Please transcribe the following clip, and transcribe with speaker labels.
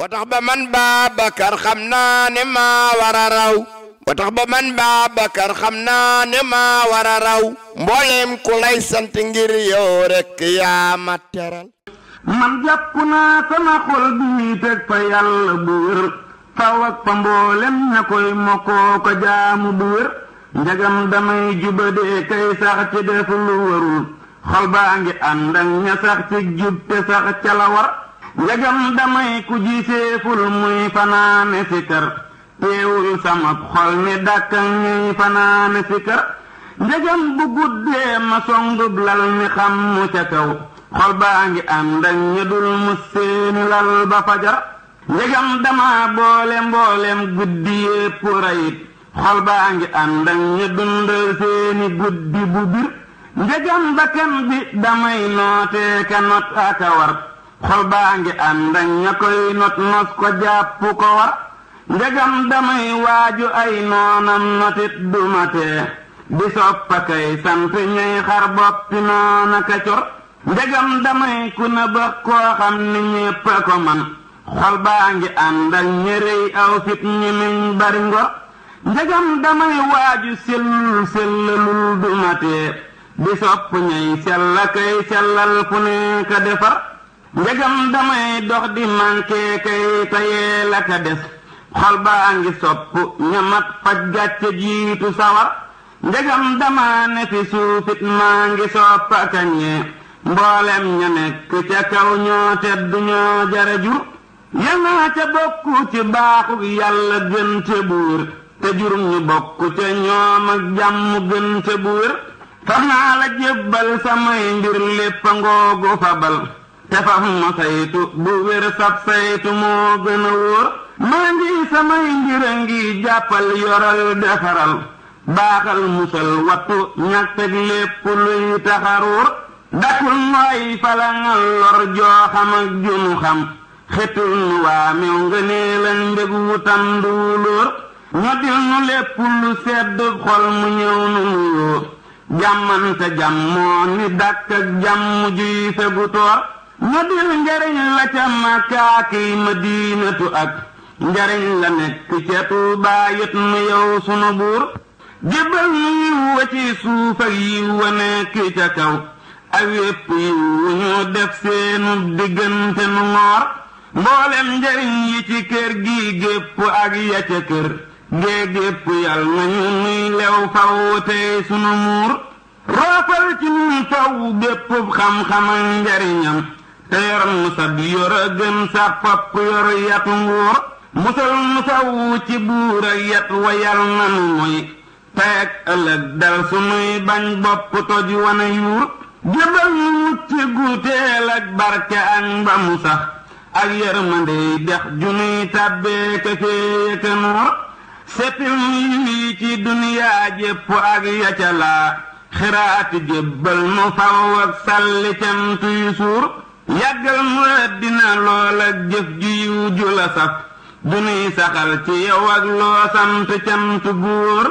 Speaker 1: ba tax ba man Babacar xam naa ne maa war raw ba tax ba man Babacar xam naa ne ma war a raw mbooleem ku lay sant ngir yow rek yaa ma teral man jàpp naa sama xol bi teg fa yàlla bu wér faw ak fa mboolem ña koy mokkoo jaamu bu wér njagam damay jubadee kay sax ci def lu warul xol baa ngi ànd ak ña sax ci jub te sax ca ndegam damay ku jiiteeful muy fanaane sikar teewul sama xol mi dàkka ñuy fanaane sikar ndegam bu guddee ma songub lal mi xam mu ca kaw xol baa ngi ànd ak ñu dul mu seeni lal fajar ndegam dama boole mboolem guddi yépp rayit xol baa ngi ànd ak ñu guddi bu bir ndegam bakkan bi damay nootee not aka war xol baa ngi ànd ak ña koy not nos ko jàpp ko war njagam damay waaju ay noonam notit dumatee di soppakay sant ñuy xar boppi noona ka cor damay ku na koo xam ni ñépp ko man xol baa ngi ànd ak ñërëy aw fit ñi miñ bari ngor njagam damay waaju sellul sellalul dumatee di sopp ñuy sella kay sellal fu ne ka defar njëgam damay dox di manqué kay tayee la ka des xol baa ngi sopp ñamat faj gàcce jiitu sawar njëgam dama ne fi suufit maa ngi sopp akañee mboolem ña nekk ca kaw ñoo tedd ñoo jara jur yàlla ca bokk ci baaxu yàlla gën ca buur te jurum ñu bokk ca ñoom ak gën ca buur tax naa la jébbal samay mbir lépp a ngoogu fabal tefam ma saytu bu wér sab saytu moo gën a wóor maa ngi samay mbir a jàppal yoral defaral baaxal musal wattu ñàkk ak lépp taxaruur dakul nooy falangal lor joo ak junu xetul nu waa mew nga nee wutam du wulóor ñoddil nu lépp lu sedd xol mu ñëw nu nuyoo jàmmante jàmmoo ni dàkk ak jàmm juy ma dil njariñ la ca màkkaaki madinatu ak njariñ la nekk ca tuubaa yët nu yow sunu buur jébbal nu yiw wa ci suuf ak yiw nekk ca kaw ak yépp yiw ñu def seenu diggante nu ngoor mboolem njariñ yi ci kër gi gépp ak ya ca kër gee gépp yal nañu nuy lew faw tey sunu muur roofal ci nun faw gépp xam-xam njariñam te yor musab yor a gën sax fopp yor yat nguur musal musawu ci buur ak yat wa yal nanu muy tey ak ëllëg dal sunuy bañ bopp toj wana yuur jëbal nu mucc guuteel ak barke ak mba mu sax ak yërmandey dex junuy tàbbee ka féeye ka nuur setil nuy ci duniyaa jépp ak yacalaa xiraati jébbal nu faw ak salli cant yu suur yàggal mu àddina lool ak jëf ju yiw ju la saf du nuy saxal ci yow ak loo sant cant góor